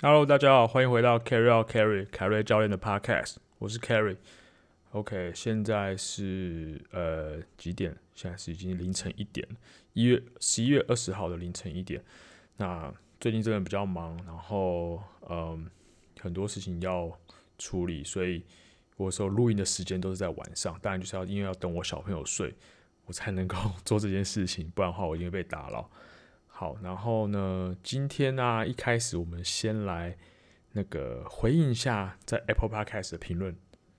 Hello，大家好，歡迎回到 Carry、Carry、凱瑞教練的 Podcast，我是 Carry。OK，現在是呃幾點？現在是已經凌晨一點，一月十一月二十號的凌晨一點。那最近真的比較忙，然後嗯、呃、很多事情要處理，所以我說錄音的時間都是在晚上。當然就是要因為要等我小朋友睡，我才能夠做這件事情，不然的話我會被打擾。好，然後呢，今天呢、啊，一開始我們先來那個回應一下在 Apple Podcast 的評論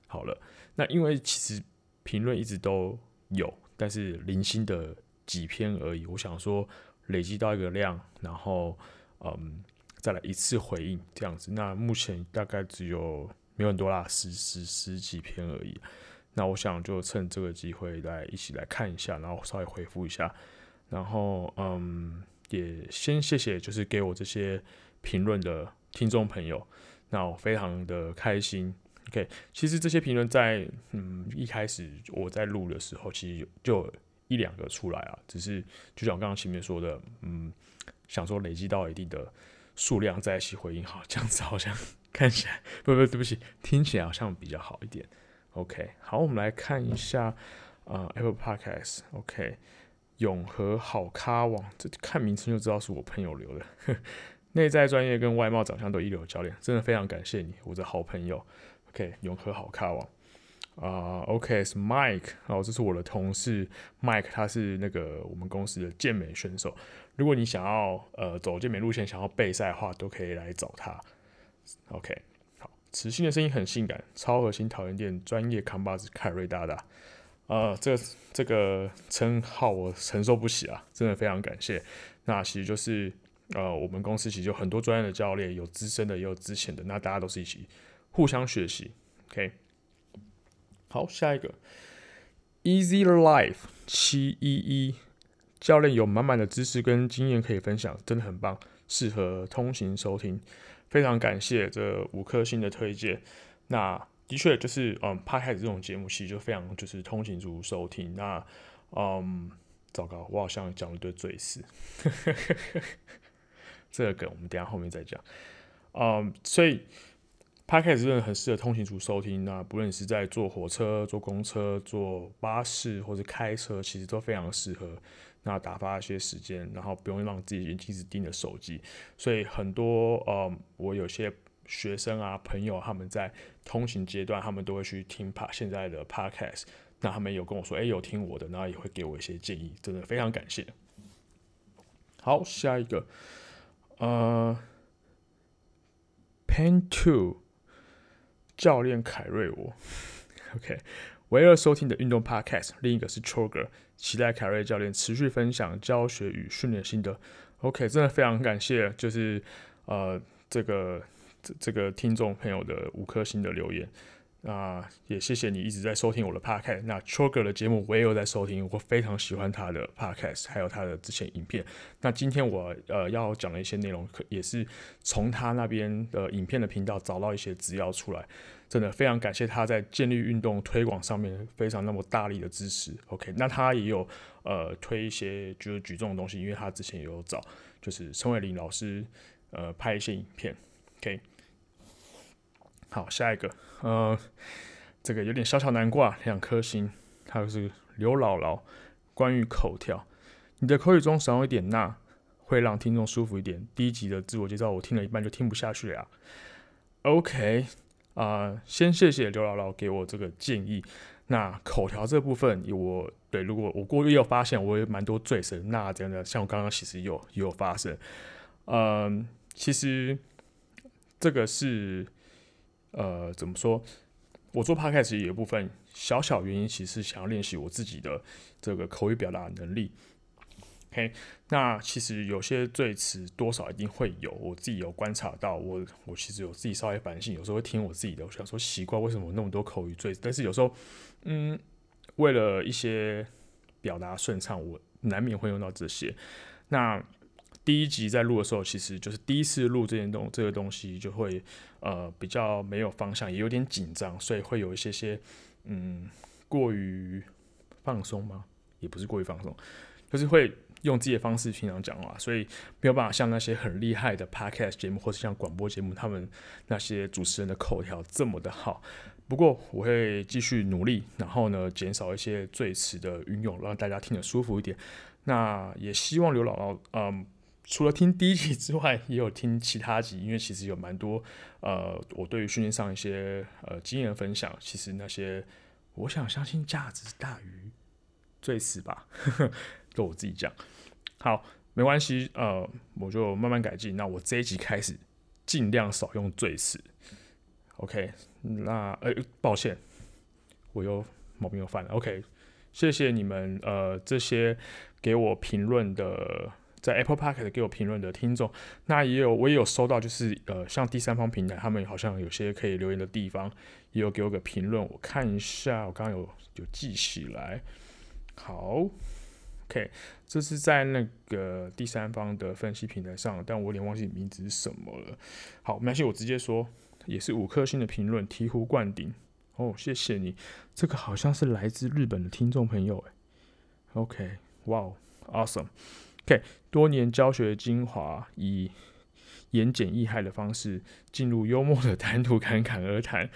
好了。那因為其實評論一直都有，但是零星的幾篇而已。我想說累積到一個量，然後嗯，再來一次回應這樣子。那目前大概只有、沒有很多啦，十十十幾篇而已。那我想就趁這個機會來一起來看一下，然後稍微回復一下，然後嗯。也先謝謝，就是給我這些評論的聽眾朋友，那我非常的開心。OK，其實這些評論在嗯一開始我在錄的時候，其實就有一兩個出來啊，只是就像我剛剛前面說的，嗯，想說累積到一定的數量再一起回應，好，這樣子好像看起來不不，對不起，聽起來好像比較好一點。OK，好，我們來看一下呃、嗯、Apple Podcasts，OK、okay.。永和好咖網，這看名稱就知道是我朋友留的。內在專業跟外貌長相都一流的教練，真的非常感謝你，我的好朋友。OK，永和好咖網啊。Uh, OK，是 Mike，哦，這是我的同事 Mike，他是那個我們公司的健美選手。如果你想要呃走健美路線，想要備賽的話，都可以來找他。OK，好，磁性的聲音很性感，超核心桃園店專業扛把子凱瑞大大。呃，這個這個稱號我承受不起啊，真的非常感謝。那其實就是，呃，我們公司其實有很多專業的教練，有資深的，也有之前的，那大家都是一起互相學習。OK，好，下一個，Easy Life 七一一教練有滿滿的知識跟經驗可以分享，真的很棒，適合通行收聽，非常感謝這五顆星的推薦。那。的確，就是嗯 Podcast 這種節目其實就非常就是通勤族收聽。那，嗯，糟糕，我好像講了堆贅事，這個梗我們等下後面再講。嗯，所以 Podcast 真的很適合通勤族收聽。那不論你是在坐火車、坐公車、坐巴士，或是開車，其實都非常適合。那打發一些時間，然後不用讓自己眼睛一直盯着手機。所以很多，嗯，我有些。學生啊，朋友、啊，他們在通勤階段，他們都會去聽怕現在的 podcast。那他們有跟我說，哎、欸，有聽我的，然後也會給我一些建議，真的非常感謝。好，下一個，呃 Pain Two 教練凱瑞我，我 OK，唯二收聽的運動 podcast，另一個是 Choker 期待凱瑞教練持續分享教學與訓練心得。OK，真的非常感謝，就是呃，這個。這這個聽眾朋友的五顆星的留言，那、呃、也謝謝你一直在收聽我的 podcast。那 Charger 的節目我也有在收聽，我非常喜歡他的 podcast，還有他的這些影片。那今天我呃要講的一些內容，也是從他那邊的影片的頻道找到一些資料出來，真的非常感謝他在健力運動推廣上面非常那麼大力的支持。OK，那他也有呃推一些就是舉重的東西，因為他之前也有找就是陳偉林老師呃拍一些影片。OK，好，下一個，呃，這個有點小小難過，兩顆星，還有是劉姥姥，關於口條，你的口語中少一點，那會讓聽眾舒服一點。第一集的自我介紹，我聽了一半就聽不下去了啊。OK，啊、呃，先謝謝劉姥姥給我這個建議。那口條這部分，我對，如果我過去有發現，我也蠻多罪神，那這樣的，像我剛剛其實有有發生。嗯、呃，其實。這個是，呃，怎麼說？我做 podcast 其實有一部分小小原因，其實是想要練習我自己的這個口語表達能力。嘿，okay？那其實有些贅詞多少一定會有，我自己有觀察到。我我其實有自己稍微反省，有時候會聽我自己的，我想說習慣為什麼那麼多口語贅，但是有時候，嗯，為了一些表達順暢，我難免會用到這些。那第一集在錄的時候，其實就是第一次錄這件東這個東西，就會呃比較沒有方向，也有點緊張，所以會有一些些嗯過於放鬆嗎？也不是過於放鬆，就是會用自己的方式平常講話，所以沒有辦法像那些很厲害的 podcast 節目或者像廣播節目他們那些主持人的口條這麼的好。不過我會繼續努力，然後呢減少一些贅詞的運用，讓大家聽得舒服一點。那也希望劉姥姥嗯。呃除了聽第一集之外，也有聽其他集，因為其實有蠻多，呃，我對於訓練上一些呃經驗分享。其實那些，我想相信價值大於贅詞吧，就 我自己講。好，沒關係，呃，我就慢慢改進。那我這一集開始儘量少用贅詞。OK，那呃、欸，抱歉，我又毛病又犯了。OK，謝謝你們，呃，這些給我評論的。在 Apple Podcast 給我評論的聽眾，那也有我也有收到，就是呃，像第三方平台，他們好像有些可以留言的地方，也有給我個評論，我看一下，我剛剛有有記起來。好，OK，這是在那個第三方的分析平台上，但我有點忘記名字是什麼了。好，沒關係，我直接說，也是五顆星的評論，醍醐灌頂哦，謝謝你。這個好像是來自日本的聽眾朋友，誒，OK 哇哦，Awesome。OK，多年教學精華，以言簡意賅的方式進入幽默的談吐，侃侃而談，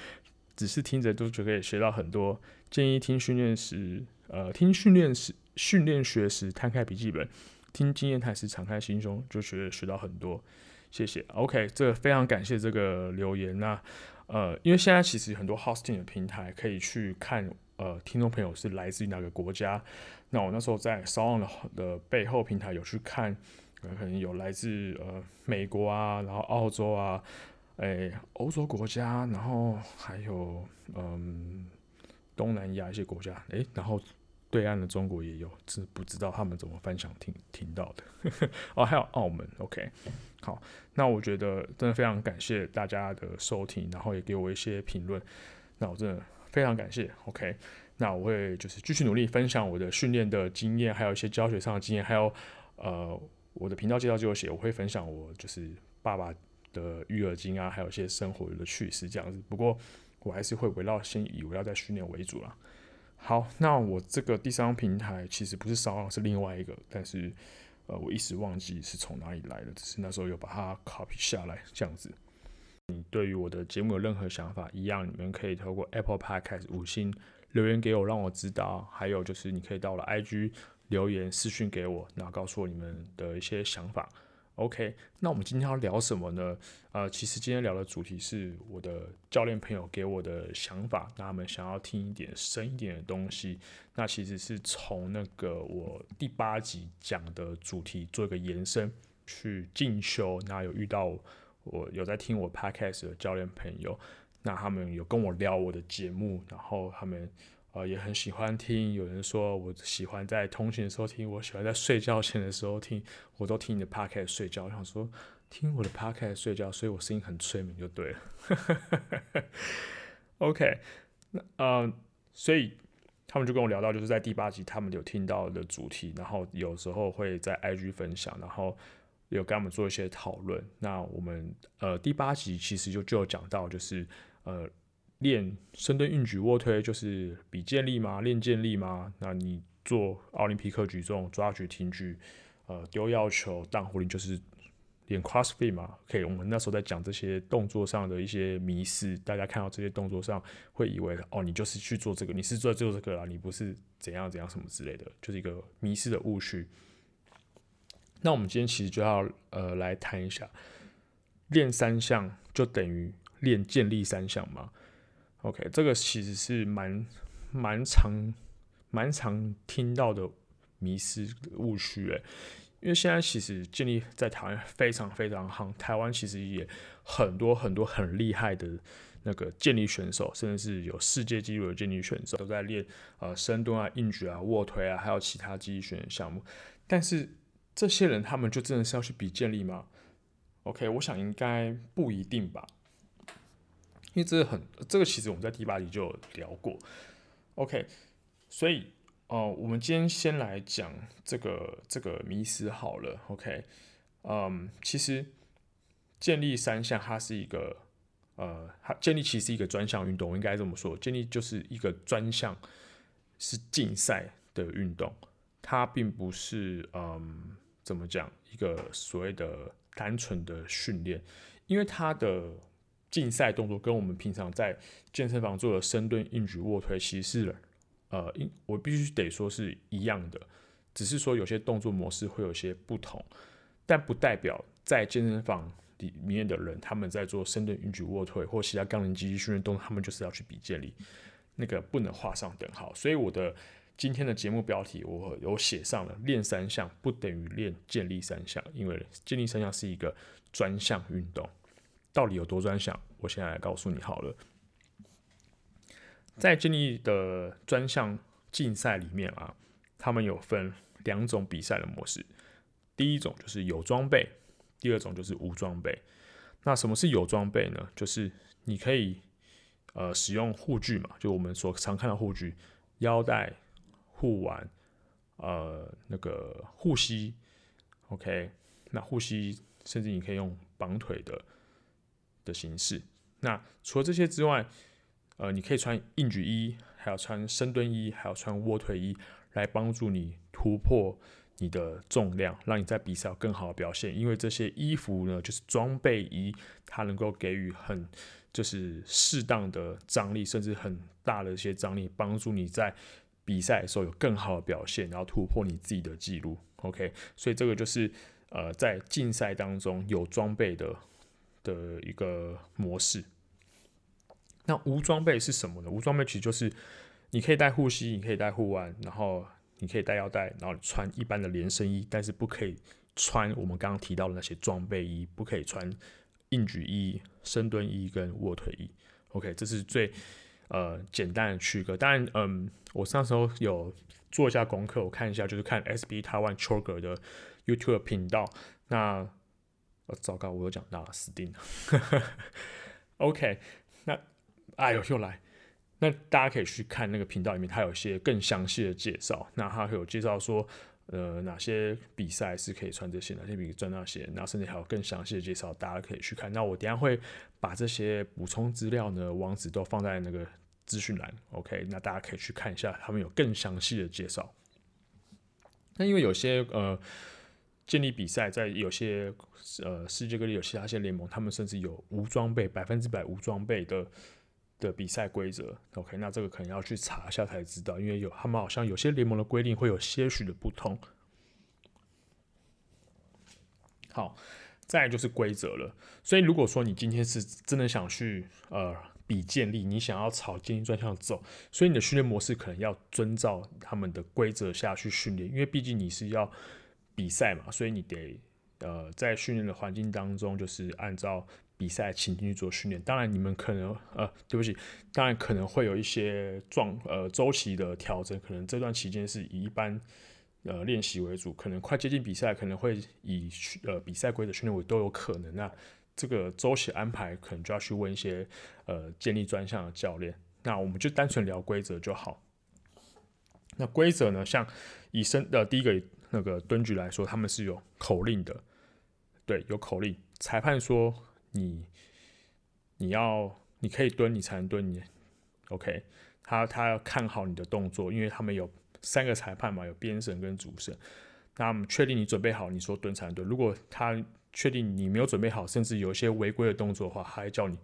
只是聽着都覺得學到很多。建議聽訓練時，呃，聽訓練時，訓練學時，攤開筆記本，聽經驗談時，敞開心胸，就學學到很多。謝謝。OK，這個非常感謝這個留言啊。那呃，因為現在其實很多 Hosting 的平台可以去看，呃，聽眾朋友是來自於哪個國家。那我那時候在騷浪的的背後平台有去看，可能有來自呃美國啊，然後澳洲啊，誒、欸、歐洲國家，然後還有嗯東南亞一些國家，誒、欸，然後對岸的中國也有，真不知道他們怎麼翻牆聽聽到的呵呵。哦，還有澳門，OK。好，那我覺得真的非常感謝大家的收聽，然後也給我一些評論，那我真的非常感謝，OK。那我會就是繼續努力分享我的訓練的經驗，還有一些教學上的經驗，還有呃我的頻道介紹就有寫，我會分享我就是爸爸的育兒經啊，還有一些生活的趣事這樣子。不過我還是會圍繞先以圍繞在訓練為主啦。好，那我這個第三方平台其實不是騷浪，是另外一個，但是呃我一時忘記是從哪裡來的，只是那時候有把它 copy 下來這樣子。你對於我的節目有任何想法，一樣你們可以透過 Apple Podcast 五星，留言給我，讓我知道。還有就是，你可以到了 IG 留言私訊給我，然後告訴我你們的一些想法。OK，那我們今天要聊什麼呢？呃，其實今天聊的主題是我的教練朋友給我的想法。那他們想要聽一點深一點的東西，那其實是從那個我第八集講的主題做一個延伸去進修。那有遇到我，我有在聽我 Podcast 的教練朋友。那他們有跟我聊我的節目，然後他們呃也很喜歡聽。有人說，我喜歡在通勤的時候聽，我喜歡在睡覺前的時候聽，我都聽你的 podcast 睡覺。我想說，聽我的 podcast 睡覺，所以我聲音很催眠就對了。 OK，那呃，所以他們就跟我聊到，就是在第八集他們有聽到的主題，然後有時候會在 IG 分享，然後有跟他們做一些討論。那我們呃第八集其實就就講到，就是。呃，練深蹲、硬舉、臥推，就是比健力嗎？練健力嗎？那你做奧林匹克舉重、抓舉、挺舉，呃，丟藥球，盪壺鈴，就是練 CrossFit 嘛？OK，我們那時候在講這些動作上的一些迷思，大家看到這些動作上會以為，哦，你就是去做這個，你是做這個啦，你不是怎樣怎樣什麼之類的，就是一個迷思的誤區。那我們今天其實就要呃來談一下，練三項就等於。練健力三項嗎？OK，這個其實是蠻蠻常蠻常聽到的迷思誤區誒。因為現在其實健力在台灣非常非常夯，台灣其實也很多很多很厲害的那個健力選手，甚至是有世界紀錄的健力選手都在練呃深蹲啊、硬舉啊、臥推啊，還有其他健力選項目。但是這些人他們就真的是要去比健力嗎？OK，我想應該不一定吧。因為這很，這個其實我們在第八集就有聊過，OK，所以呃，我們今天先來講這個這個迷思好了，OK，嗯，其實健力三項它是一個呃，它健力其實是一個專項運動，我應該這麼說，健力就是一個專項是競賽的運動，它並不是嗯，怎麼講一個所謂的單純的訓練，因為它的競賽動作跟我們平常在健身房做的深蹲、硬舉、臥推，其實是，呃，應我必須得說是一樣的，只是說有些動作模式會有些不同，但不代表在健身房裡面的人，他們在做深蹲、硬舉、臥推或其他槓鈴訓練動作，他們就是要去比健力，那個不能畫上等號。所以我的今天的節目標題我有寫上了：練三項不等於練健力三項，因為健力三項是一個專項運動。到底有多專項？我現在來告訴你好了。在健力的專項競賽裡面啊，他們有分兩種比賽的模式。第一種就是有裝備，第二種就是無裝備。那什麼是有裝備呢？就是你可以呃使用護具嘛，就我們所常看的護具、腰帶、護腕、呃那個護膝。OK，那護膝甚至你可以用綁腿的。的形式。那除了這些之外，呃，你可以穿硬舉衣，還有穿深蹲衣，還有穿臥推衣，來幫助你突破你的重量，讓你在比賽有更好的表現。因為這些衣服呢，就是裝備衣，它能夠給予很就是適當的張力，甚至很大的一些張力，幫助你在比賽的時候有更好的表現，然後突破你自己的記錄。OK，所以這個就是呃，在競賽當中有裝備的。的一個模式。那無裝備是什麼呢？無裝備其實就是你可以戴護膝，你可以戴護腕，然後你可以戴腰帶，然後穿一般的連身衣，但是不可以穿我們剛剛提到的那些裝備衣，不可以穿硬舉衣、深蹲衣跟臥推衣。OK，這是最呃簡單的區隔。當然，嗯，我上時候有做一下功課，我看一下就是看 SBD Taiwan Choker 的 YouTube 頻道，那。糟糕，我有講到，死定了。 OK，那哎呦，又來。那大家可以去看那個頻道裡面，它有一些更詳細的介紹。那它會有介紹說，呃，哪些比賽是可以穿這些，哪些比賽穿那些，然後甚至還有更詳細的介紹，大家可以去看。那我等下會把這些補充資料呢，網址都放在那個資訊欄。OK，那大家可以去看一下，他們有更詳細的介紹。那因為有些呃。健力比賽在有些呃世界各地有其他一些聯盟，他們甚至有無裝備百分之百無裝備的的比賽規則。OK，那這個可能要去查一下才知道，因為有他們好像有些聯盟的規定會有些許的不同。好，再來就是規則了。所以如果說你今天是真的想去呃比健力，你想要朝健力專項走，所以你的訓練模式可能要遵照他們的規則下去訓練，因為畢竟你是要。比賽嘛，所以你得呃在訓練的環境當中，就是按照比賽情境去做訓練。當然，你們可能呃，對不起，當然可能會有一些狀呃周期的調整，可能這段期間是以一般呃練習為主，可能快接近比賽，可能會以呃比賽規則訓練為都有可能。那這個周期的安排可能就要去問一些呃健力專項的教練。那我們就單純聊規則就好。那規則呢，像以身的、呃、第一個。那個蹲舉來說，他們是有口令的，對，有口令。裁判說你，你要，你可以蹲，你才能蹲。你，OK？他他要看好你的動作，因為他們有三個裁判嘛，有邊審跟主審。那他們確定你準備好，你說蹲才能蹲。如果他確定你沒有準備好，甚至有一些違規的動作的話，他會叫你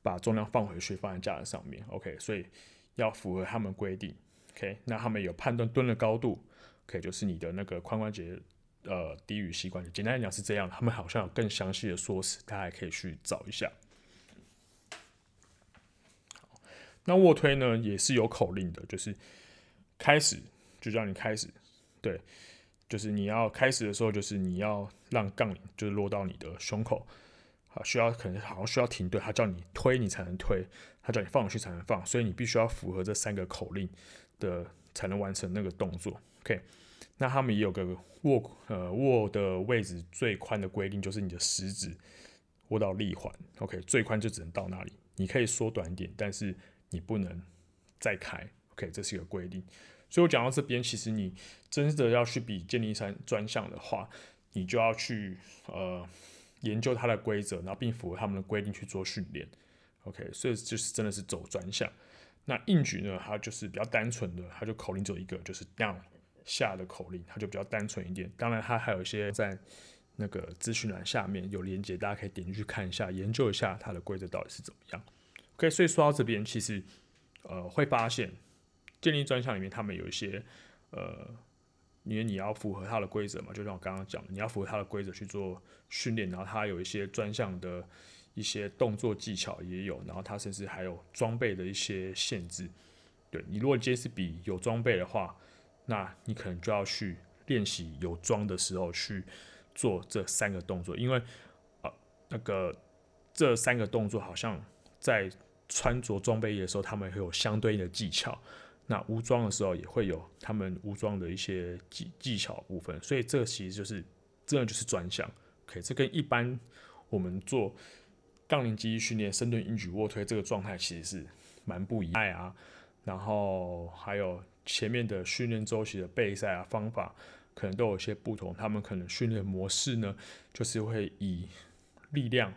把重量放回去，放在架子上面。OK？所以要符合他們規定。OK？那他們有判斷蹲的高度。可以，就是你的那個髖關節，呃，低於膝關節。簡單來講是這樣，他們好像有更詳細的說辭，大家可以去找一下。好，那臥推呢也是有口令的，就是開始就叫你開始，對，就是你要開始的時候，就是你要讓槓鈴就是落到你的胸口，好需要可能好像需要停頓，對他叫你推你才能推，他叫你放下去才能放，所以你必須要符合這三個口令的才能完成那個動作。OK。那他們也有個握呃握的位置最寬的規定，就是你的食指握到力環，OK 最寬就只能到那裡，你可以縮短一點，但是你不能再開，OK 這是一個規定。所以我講到這邊，其實你真的要去比健力三項專項的話，你就要去呃研究它的規則，然後並符合他們的規定去做訓練，OK，所以就是真的是走專項。那硬舉呢，它就是比較單純的，它就口令只有一個，就是 down。下的口令，它就比較單純一點。當然，它還有一些在那個資訊欄下面有連接，大家可以點進去看一下、研究一下它的規則到底是怎麼樣。可以，所以說到這邊，其實呃會發現健力專項裡面他們有一些呃，因為你要符合它的規則嘛，就像我剛剛講的，你要符合它的規則去做訓練，然後它有一些專項的一些動作技巧也有，然後它甚至還有裝備的一些限制。對你，如果 j s 比有裝備的話。那你可能就要去練習有裝的時候去做這三個動作，因為呃，那個這三個動作好像在穿着裝備的時候，他們會有相對應的技巧。那無裝的時候也會有他們無裝的一些技技巧部分。所以這其實就是，這就是專項。OK，這跟一般我們做槓鈴肌訓練、深蹲、硬舉、臥推這個狀態其實是蠻不一樣啊。然後還有。前面的訓練周期的備賽啊方法，可能都有些不同。他們可能訓練模式呢，就是會以力量、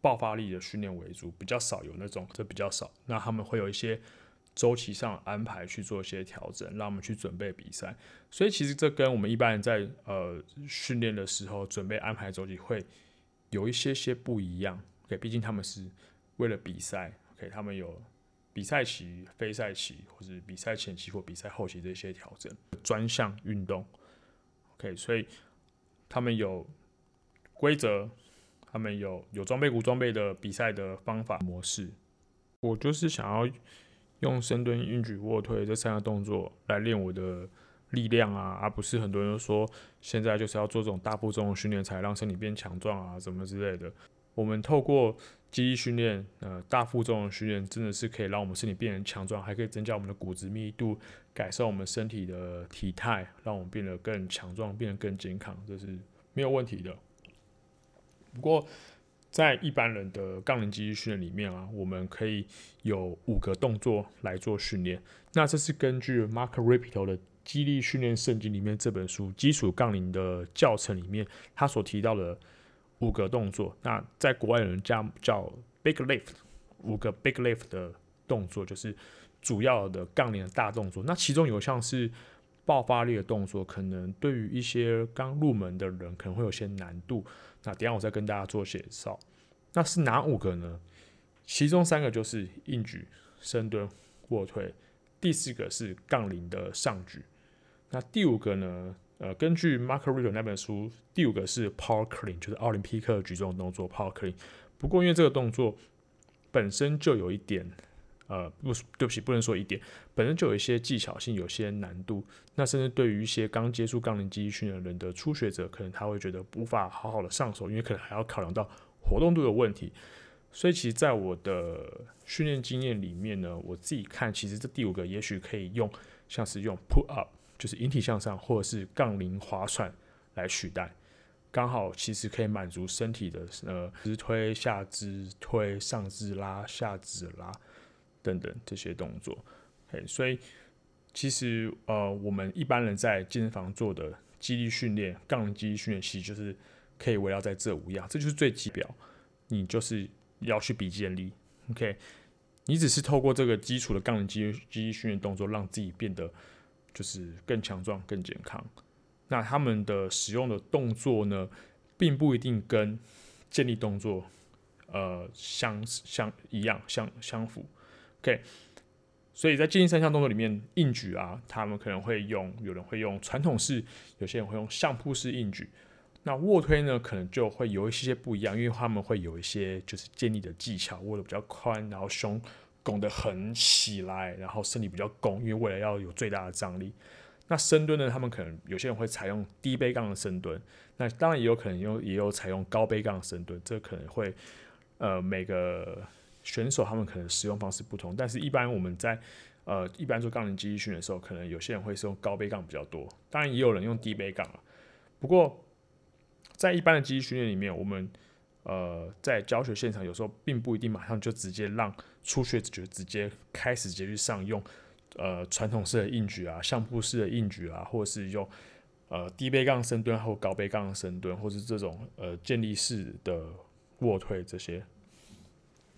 爆發力的訓練為主，比較少有那種，這比較少。那他們會有一些周期上安排去做一些調整，讓我們去準備比賽。所以其實這跟我們一般人在呃訓練的時候準備安排周期會有一些些不一樣。OK，畢竟他們是為了比賽。OK，他們有。比賽期、非賽期或者比賽前期或比賽後期的一些調整，專項運動，OK，所以他們有規則，他們有有裝備無裝備的比賽的方法模式。我就是想要用深蹲、硬舉、臥推這三個動作來練我的力量啊，而、啊、不是很多人都說現在就是要做這種大負重的訓練才讓身體變強壯啊什麼之類的。我們透過肌力訓練，呃，大負重的訓練，真的是可以讓我們身體變得強壯，還可以增加我們的骨質密度，改善我們身體的體態，讓我們變得更強壯，變得更健康，這是沒有問題的。不過，在一般人的槓鈴肌力訓練裡面啊，我們可以有五個動作來做訓練。那這是根據 Mark Rippetoe 的《肌力訓練聖經》裡面這本書《基礎槓鈴的教程》裡面他所提到的。五個動作，那在國外有人叫叫 Big Lift，五個 Big Lift 的動作就是主要的槓鈴的大動作。那其中有像是爆發力的動作，可能對於一些剛入門的人可能會有些難度。那等下我再跟大家做介紹。那是哪五個呢？其中三個就是硬舉、深蹲、臥推，第四個是槓鈴的上舉，那第五個呢？呃，根據 Mark Rippetoe 那本書，第五個是 Power Clean，就是奧林匹克舉重動作 Power Clean。不過，因為這個動作本身就有一點，呃,不對不起，不能說一點，本身就有一些技巧性，有些難度。那甚至對於一些剛接觸槓鈴肌訓練的人的初學者，可能他會覺得無法好好的上手，因為可能還要考量到活動度的問題。所以，其實在我的訓練經驗裡面呢，我自己看，其實這第五個也許可以用像是用 Pull Up。就是引體向上或者是槓鈴划船來取代，剛好其實可以滿足身體的呃上肢推下肢推、上肢拉下肢拉等等這些動作、okay。所以其實呃我們一般人在健身房做的肌力訓練，槓鈴肌力訓練其實就是可以圍繞在這五樣，這就是最基本，你就是要去比健力。OK，你只是透過這個基礎的槓鈴肌肌力訓練動作，讓自己變得。就是更強壯、更健康。那他們的使用的動作呢，並不一定跟健力動作，呃，相相一樣相相符。OK，所以在健力三項動作裡面，硬舉啊，他們可能會用，有人會用傳統式，有些人會用相撲式硬舉。那臥推呢，可能就會有一些些不一樣，因為他們會有一些就是健力的技巧，握得比較寬，然後胸。拱得很起來，然後身體比較拱，因為為了要有最大的張力。那深蹲呢？他們可能有些人會採用低背槓的深蹲，那當然也有可能用，也有採用高背槓的深蹲。這可能會，呃，每個選手他們可能使用方式不同。但是一般我們在，呃，一般做槓鈴機器訓練的時候，可能有些人會使用高背槓比較多，當然也有人用低背槓啊。不過在一般的機器訓練裡面，我們。呃，在教學現場，有時候並不一定馬上就直接讓初學者直接開始直接去上用，呃，傳統式的硬舉啊，相撲式的硬舉啊，或是用呃低背槓深蹲或高背槓深蹲，或是蹲或是這種呃健力式的臥推這些，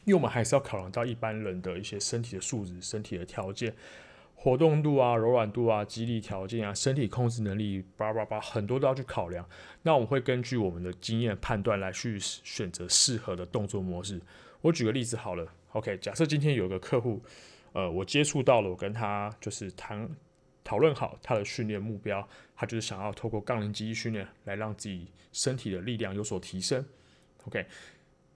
因為我們還是要考量到一般人的一些身體的素質、身體的條件。活動度啊，柔軟度啊，肌力條件啊，身體控制能力，叭叭叭，很多都要去考量。那我們會根據我們的經驗判斷來去選擇適合的動作模式。我舉個例子好了，OK，假設今天有個客戶，呃，我接觸到了，我跟他就是談討論好他的訓練目標，他就是想要透過槓鈴肌訓練來讓自己身體的力量有所提升。OK，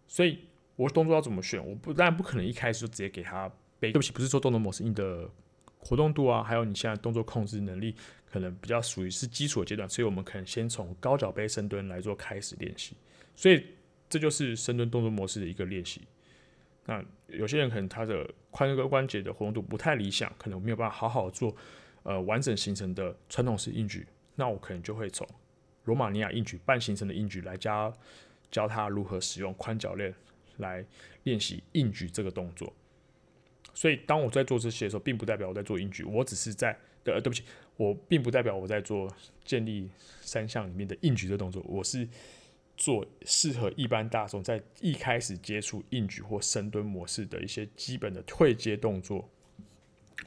所以我動作要怎麼選？我不但不可能一開始就直接給他背。對不起，不是做動作模式，你的。活動度啊，還有你現在動作控制能力，可能比較屬於是基礎階段，所以我們可能先從高腳杯深蹲來做開始練習。所以這就是深蹲動作模式的一個練習。那有些人可能他的髖關節的活動度不太理想，可能沒有辦法好好做呃完整行程的傳統式硬舉，那我可能就會從羅馬尼亞硬舉、半行程的硬舉，來教教他如何使用寬腳鏈來練習硬舉這個動作。所以，當我在做這些的時候，並不代表我在做硬舉，我只是在……呃，對不起，我並不代表我在做健力三項裡面的硬舉的動作，我是做適合一般大眾在一開始接觸硬舉或深蹲模式的一些基本的退階動作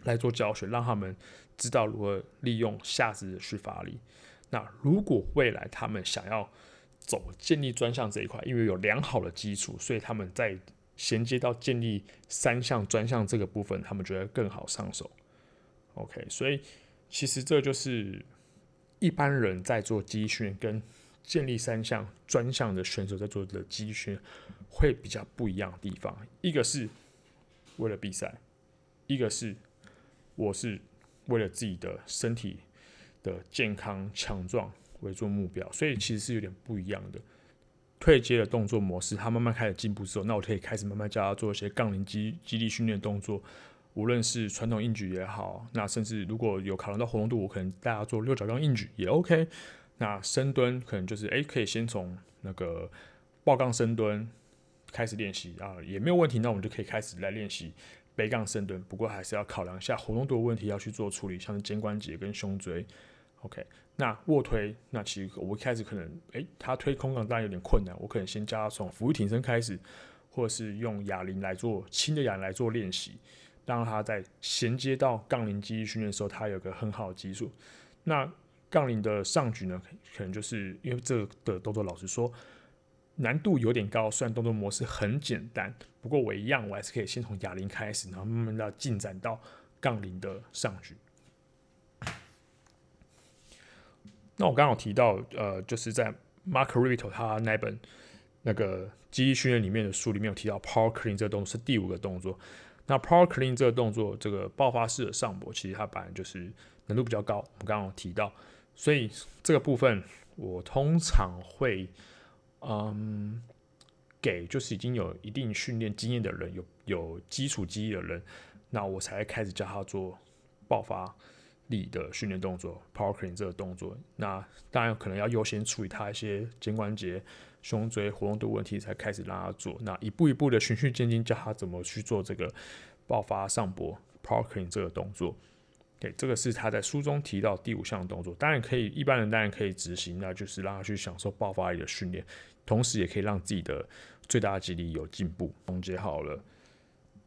來做教學，讓他們知道如何利用下肢去發力。那如果未來他們想要走健力專項這一塊，因為有良好的基礎，所以他們在。銜接到健力三項專項這個部分，他們覺得更好上手。OK，所以其實這就是一般人在做集訓跟健力三項專項的選手在做的集訓會比較不一樣的地方。一個是為了比賽，一個是我是為了自己的身體的健康強壯為做目標，所以其實是有點不一樣的。退階的動作模式，他慢慢開始進步之後，那我可以開始慢慢教他做一些槓鈴肌肌力訓練動作，無論是傳統硬舉也好，那甚至如果有考量到活動度，我可能帶他做六角槓硬舉也 OK。那深蹲可能就是誒、欸，可以先從那個抱槓深蹲開始練習啊，也沒有問題。那我們就可以開始來練習背槓深蹲，不過還是要考量一下活動度的問題要去做處理，像是肩關節跟胸椎。OK，那臥推，那其實我一開始可能，哎、欸，他推空槓當然有點困難，我可能先教他從俯臥挺身開始，或者是用啞鈴來做輕的啞鈴來做練習，讓他在銜接到槓鈴肌力訓練的時候，他有個很好的基礎。那槓鈴的上舉呢，可能就是因為這個豆豆老師說難度有點高，雖然動作模式很簡單，不過我一樣我還是可以先從啞鈴開始，然後慢慢的進展到槓鈴的上舉。那我剛好提到，呃，就是在 Mark Rippetoe 他那本那個肌力訓練裡面的書裡面有提到 Power Clean 這個動作是第五個動作。那 Power Clean 這個動作，這個爆發式的上膊，其實它本來就是難度比較高。我們剛剛有提到，所以這個部分我通常會，嗯，給就是已經有一定訓練經驗的人，有有基礎肌力的人，那我才開始教他做爆發力的訓練動作，power clean 這個動作，那當然可能要優先處理他一些肩關節、胸椎活動度問題，才開始讓他做。那一步一步的循序漸進，教他怎麼去做這個爆發上膊 power clean 這個動作。對，這個是他在書中提到第五項動作。當然可以，一般人當然可以執行，那就是讓他去享受爆發力的訓練，同時也可以讓自己的最大的肌力有進步。總結好了，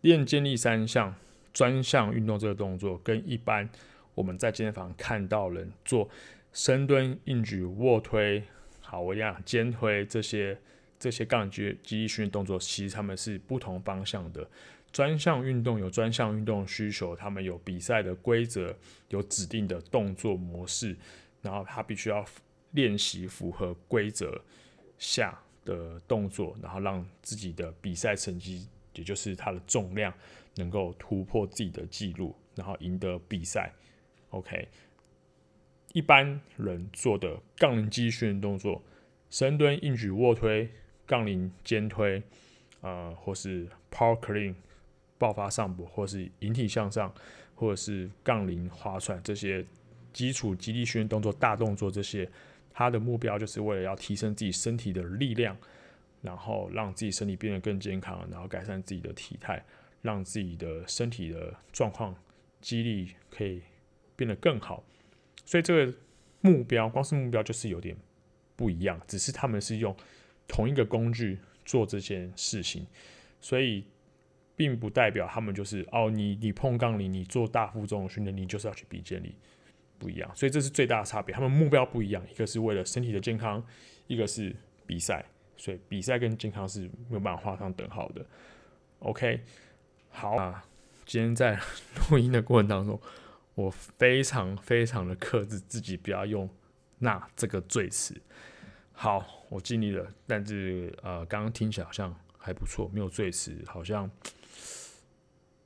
練健力三項專項運動這個動作跟一般。我們在健身房看到人做深蹲、硬舉、臥推、好，我一樣肩推這些這些槓舉、肌力訓練動作，其實他們是不同方向的專項運動，有專項運動需求，他們有比賽的規則，有指定的動作模式，然後他必須要練習符合規則下的動作，然後讓自己的比賽成績，也就是他的重量能夠突破自己的記錄，然後贏得比賽。OK，一般人做的槓鈴肌訓練動作，深蹲、硬舉、臥推、槓鈴肩推，啊、呃，或是 Power Clean 爆發上膊，或是引體向上，或者是槓鈴划船這些基礎肌力訓練動作、大動作這些，它的目標就是為了要提升自己身體的力量，然後讓自己身體變得更健康，然後改善自己的體態，讓自己的身體的狀況肌力可以。變得更好，所以這個目標，光是目標就是有點不一樣。只是他們是用同一個工具做這件事情，所以並不代表他們就是哦，你你碰槓鈴，你做大負重訓練，你就是要去比健力，不一樣。所以這是最大的差別，他們目標不一樣，一個是為了身體的健康，一個是比賽。所以比賽跟健康是沒有辦法畫上等號的。OK，好啊，今天在錄音的過程當中。我非常非常的克制自己，不要用“那”這個贅詞。好，我盡力了，但是呃，剛剛聽起來好像還不錯，沒有贅詞，好像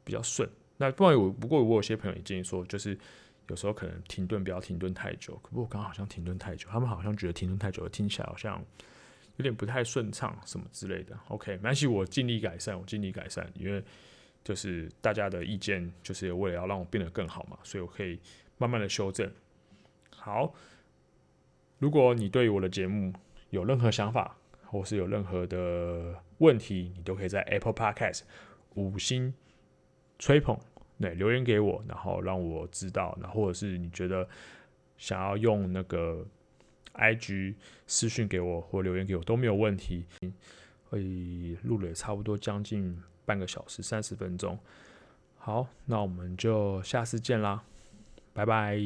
比較順。那不然有，不過我有些朋友也建議說，就是有時候可能停頓不要停頓太久。可不，我剛剛好像停頓太久，他們好像覺得停頓太久，聽起來好像有點不太順暢什麼之類的。OK，沒關係，我盡力改善，我盡力改善，因為。就是大家的意見，就是為了要讓我變得更好嘛，所以我可以慢慢的修正。好，如果你對於我的節目有任何想法，或是有任何的問題，你都可以在 Apple Podcast 五星吹捧，對，留言給我，然後讓我知道。然後或者是你覺得想要用那個 IG 私訊給我，或留言給我都沒有問題。誒，錄了也差不多將近。半個小時，三十分鐘。好，那我們就下次見啦，拜拜。